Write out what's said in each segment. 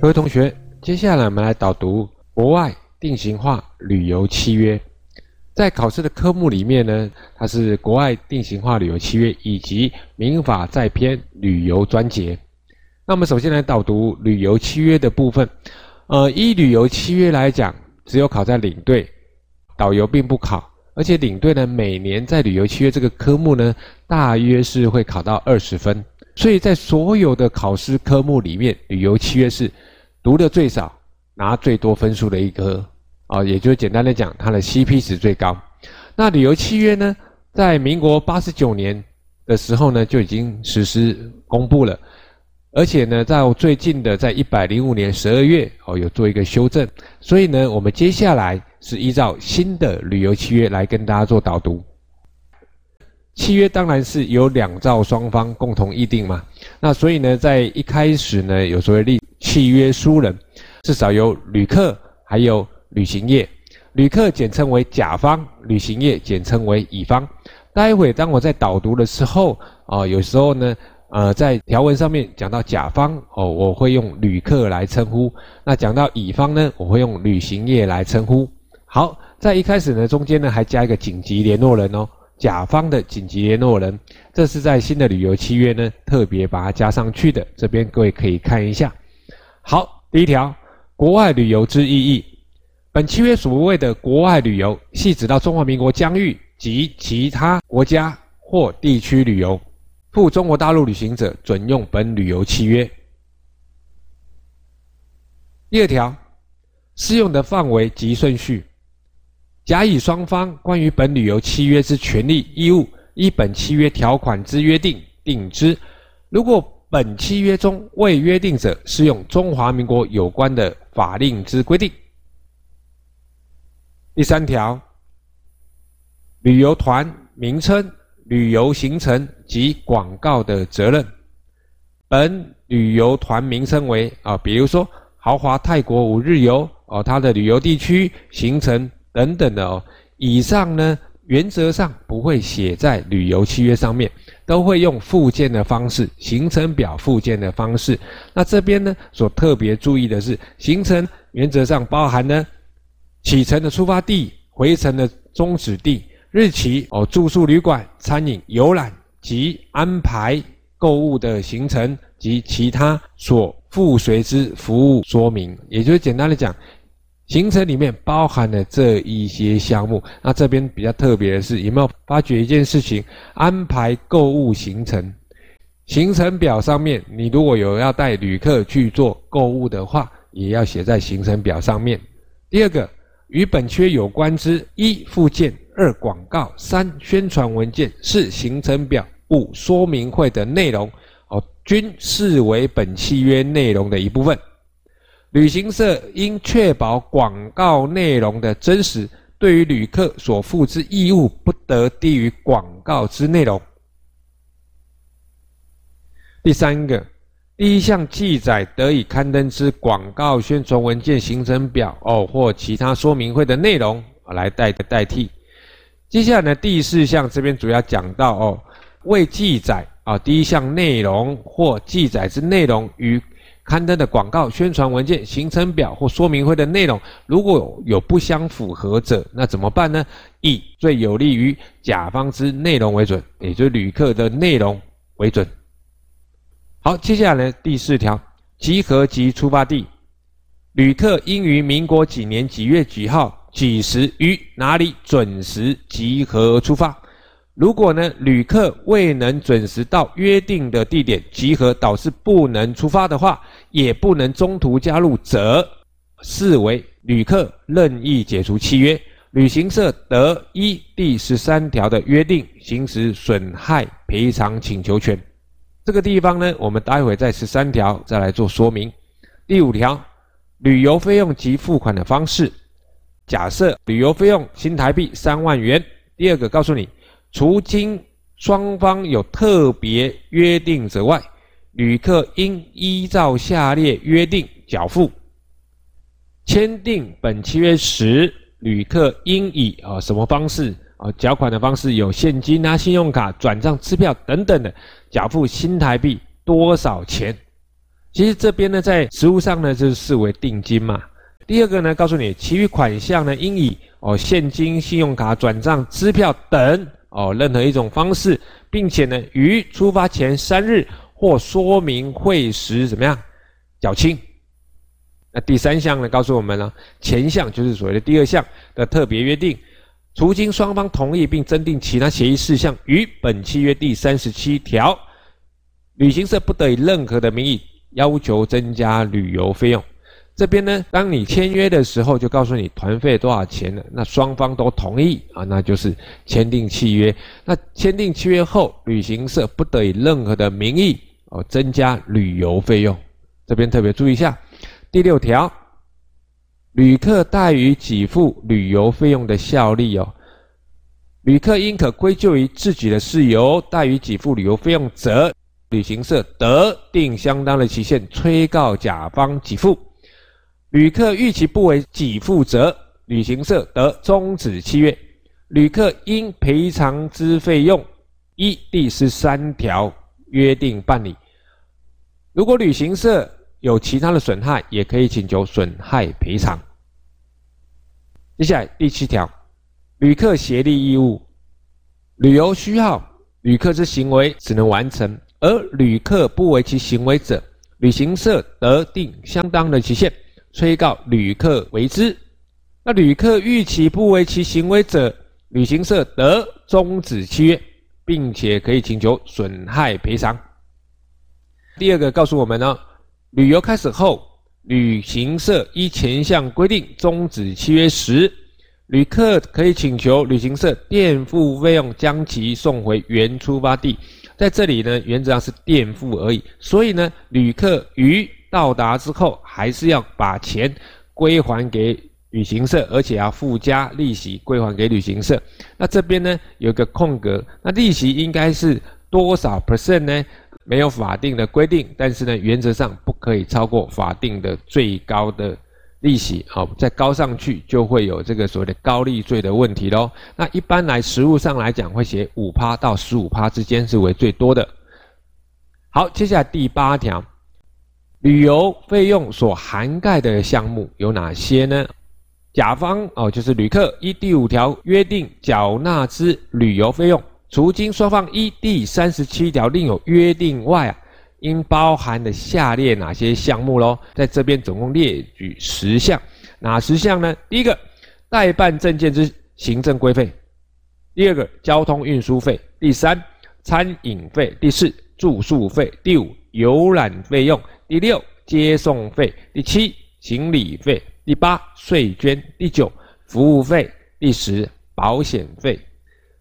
各位同學，接下來我們來導讀國外定型化旅遊契約。在考試的科目裡面呢，它是國外定型化旅遊契約以及民法債編旅遊專節。那我們首先來導讀旅遊契約的部分。呃，依旅遊契約來講，只有考在領隊、導遊並不考，而且領隊呢，每年在旅遊契約這個科目呢，大約是會考到二十分。所以在所有的考試科目裡面，旅遊契約是，讀的最少，拿最多分數的一科，啊、哦，也就是簡單的講，它的 CP 值最高。那旅遊契約呢，在民國八十九年的時候呢，就已經實施公布了，而且呢，在最近的在一百零五年十二月，哦，有做一個修正。所以呢，我們接下來是依照新的旅遊契約來跟大家做導讀。契約當然是由兩造雙方共同議定嘛。那所以呢，在一開始呢，有所謂“立契約書人”，至少有旅客還有旅行業。旅客簡稱為甲方，旅行業簡稱為乙方。待會當我在導讀的時候，啊、呃，有時候呢，呃，在條文上面講到甲方哦、呃，我會用旅客來稱呼；那講到乙方呢，我會用旅行業來稱呼。好，在一開始呢，中間呢還加一個緊急聯絡人哦。甲方的緊急聯絡人，這是在新的旅遊契約呢特別把它加上去的，這邊各位可以看一下。好，第一條，國外旅遊之意義。本契約所謂的國外旅遊，係指到中華民國疆域及其他國家或地區旅遊。赴中國大陸旅行者準用本旅遊契約。第二條，適用的範圍及順序。甲乙雙方關於本旅遊契約之權利義務，依本契約條款之約定定之。如果本契約中未約定者，適用中華民國有關的法令之規定。第三條，旅遊團名稱、旅遊行程及廣告的責任。本旅遊團名稱為啊，比如說豪華泰國五日遊啊，它的旅遊地區行程。等等的哦，以上呢原則上不會寫在旅遊契約上面，都會用附件的方式，行程表附件的方式。那這邊呢所特別注意的是，行程原則上包含呢，啟程的出發地、回程的終止地、日期哦，住宿旅館、餐飲、遊覽及安排購物的行程及其他所附隨之服務說明。也就是簡單的講，行程裡面包含了這一些項目，那這邊比較特別的是，有沒有發覺一件事情？安排購物行程，行程表上面，你如果有要帶旅客去做購物的話，也要寫在行程表上面。第二個，與本契有關之，一，附件；二，廣告；三，宣傳文件；四，行程表；五，說明會的內容，哦，均視為本契約內容的一部分。旅行社應確保廣告內容的真實，對於旅客所負之義務不得低於廣告之內容。第三個，第一項記載得以刊登之廣告宣傳文件、行程表哦，或其他說明會的內容來代代替。接下來呢，第四項這邊主要講到哦，未記載啊第一項內容或記載之內容與。刊登的廣告、宣傳文件、行程表或說明會的內容，如果有，有不相符合者，那怎麼辦呢？以最有利於甲方之內容為準，也就是旅客的內容為準。好，接下來呢，第四條，集合及出發地，旅客應於民國幾年幾月幾號幾時於哪裡準時集合而出發。如果呢，旅客未能準時到約定的地點集合，導致不能出發的話，也不能中途加入，則視為旅客任意解除契約，旅行社得依第十三條的約定行使損害賠償請求權。這個地方呢，我們待會在十三條再來做說明。第五條，旅遊費用及付款的方式。假設旅遊費用新台幣三萬元。第二個，告訴你。除經雙方有特別約定之外，旅客應依照下列約定繳付。簽訂本契約時，旅客應以啊、呃、什麼方式啊繳、呃、款的方式有現金啊、信用卡、轉賬、支票等等的繳付新台幣多少錢？其實這邊呢，在實務上呢，就是視為定金嘛。第二個呢，告訴你，其餘款項呢，應以哦、呃、現金、信用卡、轉賬、支票等。哦，任何一種方式，並且呢，於出發前三日或說明會時怎麼樣繳清？那第三項呢，告訴我們了，前項就是所謂的第二項的特別約定，除經雙方同意並增訂其他協議事項，於本契約第三十七條，旅行社不得以任何的名義要求增加旅遊費用。這邊呢，當你簽約的時候，就告訴你團費多少錢了。那雙方都同意啊，那就是簽訂契約。那簽訂契約後，旅行社不得以任何的名義哦，增加旅遊費用。這邊特別注意一下，第六條，旅客怠於給付旅遊費用的效力哦，旅客應可歸咎於自己的事由怠於給付旅遊費用則，則旅行社得定相當的期限催告甲方給付。旅客逾期不為己負責，旅行社得終止契約。旅客應賠償之費用依第十三條約定辦理。如果旅行社有其他的損害，也可以請求損害賠償。接下來第七條，旅客協力義務，旅遊需要旅客之行為只能完成，而旅客不為其行為者，旅行社得定相當的期限。催告旅客為之，那旅客逾期不為其行為者，旅行社得終止契約，並且可以請求損害賠償。第二個告訴我們呢，哦，旅遊開始後，旅行社依前項規定終止契約時，旅客可以請求旅行社墊付費用，將其送回原出發地。在這裡呢，原則上是墊付而已，所以呢，旅客於到達之後。還是要把錢歸還給旅行社，而且要附加利息歸還給旅行社。那這邊呢，有一個空格，那利息應該是多少 percent 呢？沒有法定的規定，但是呢，原則上不可以超過法定的最高的利息。好，再高上去就會有這個所謂的高利貸的問題嘍。那一般來實務上來講，會寫五趴到十五趴之間是為最多的。好，接下來第八條。旅遊費用所涵蓋的項目有哪些呢？甲方哦，就是旅客。依第五條約定繳納之旅遊費用，除經雙方依第三十七條另有約定外啊，應包含的下列哪些項目嘍？在這邊總共列舉十項，哪十項呢？第一個，代辦證件之行政規費；第二個，交通運輸費；第三，餐飲費；第四，住宿費；第五，遊覽費用。第六，接送費第七，行李費第八，稅捐第九，服務費第十，保險費。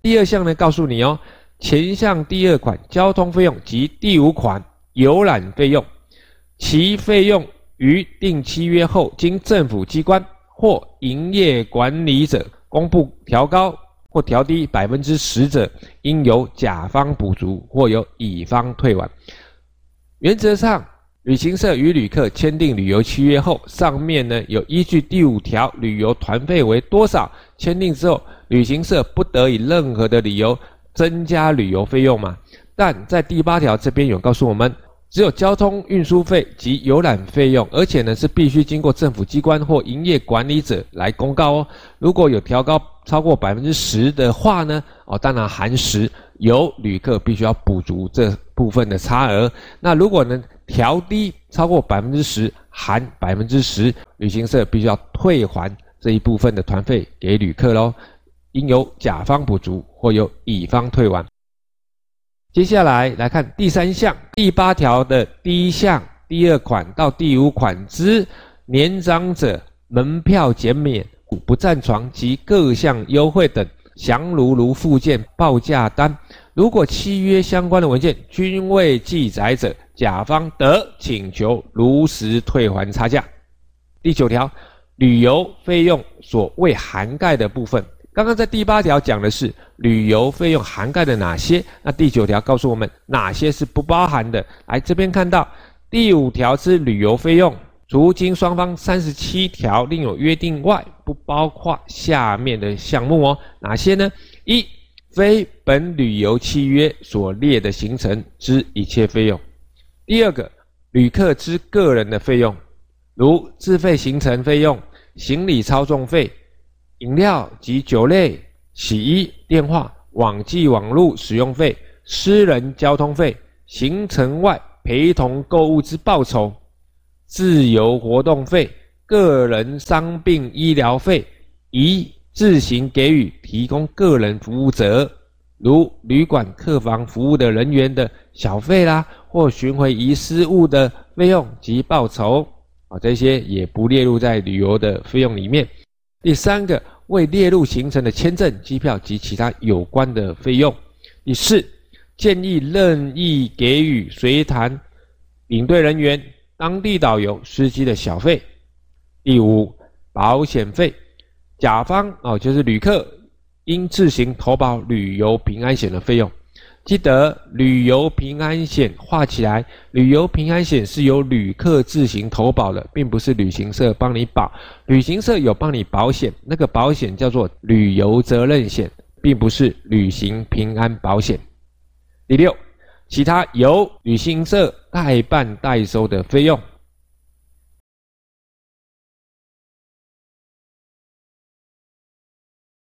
第二項呢，告訴你哦，前項第二款交通費用及第五款遊覽費用，其費用於訂契約後，經政府機關或營業管理者公布調高或調低百分之十者，應由甲方補足或由乙方退還。原則上。旅行社與旅客簽訂旅遊契約後，上面呢有依據第五條，旅遊團費為多少，簽訂之後，旅行社不得以任何的理由增加旅遊費用嘛？但在第八條這邊有告訴我們，只有交通運輸費及遊覽費用，而且呢是必須經過政府機關或營業管理者來公告哦。如果有調高超過百分之十的話呢，哦，當然含十，由旅客必須要補足這部分的差額。那如果呢？調低超過百分之十、含百分之十，旅行社，必須要退還這一部分的團費給旅客咯，應由甲方補足或由乙方退還。接下來來看第三項，第八條的第一項，第二款到第五款之年長者門票減免、不占床及各項優惠等，詳如如附件報價單。如果契約相關的文件均未記載者，甲方得請求如實退還差價。第九條，旅遊費用所未涵蓋的部分，剛剛在第八條講的是旅遊費用涵蓋的哪些，那第九條告訴我們哪些是不包含的。來這邊看到第五條之旅遊費用，除經雙方三十七條另有約定外，不包括下面的項目哦。哪些呢？一，非本旅遊契約所列的行程之一切費用。第二個，旅客之個人的費用，如自費行程費用、行李超重費、飲料及酒類、洗衣、電話、網際網路使用費、私人交通費、行程外陪同購物之報酬、自由活動費、個人傷病醫療費，宜自行給予提供個人服務者，如旅館客房服務的人員的小費啦。或尋回遺失物的費用及報酬，啊，這些也不列入在旅遊的費用裡面。第三個，未列入行程的簽證、機票及其他有關的費用。第四，建議任意給予隨團領隊人員、當地導遊、司機的小費。第五，保險費，甲方啊，就是旅客，應自行投保旅遊平安險的費用。記得旅遊平安險畫起來，旅遊平安險是由旅客自行投保的，並不是旅行社幫你保。旅行社有幫你保險，那個保險叫做旅遊責任險，並不是旅行平安保險。第六，其他由旅行社代辦代收的費用。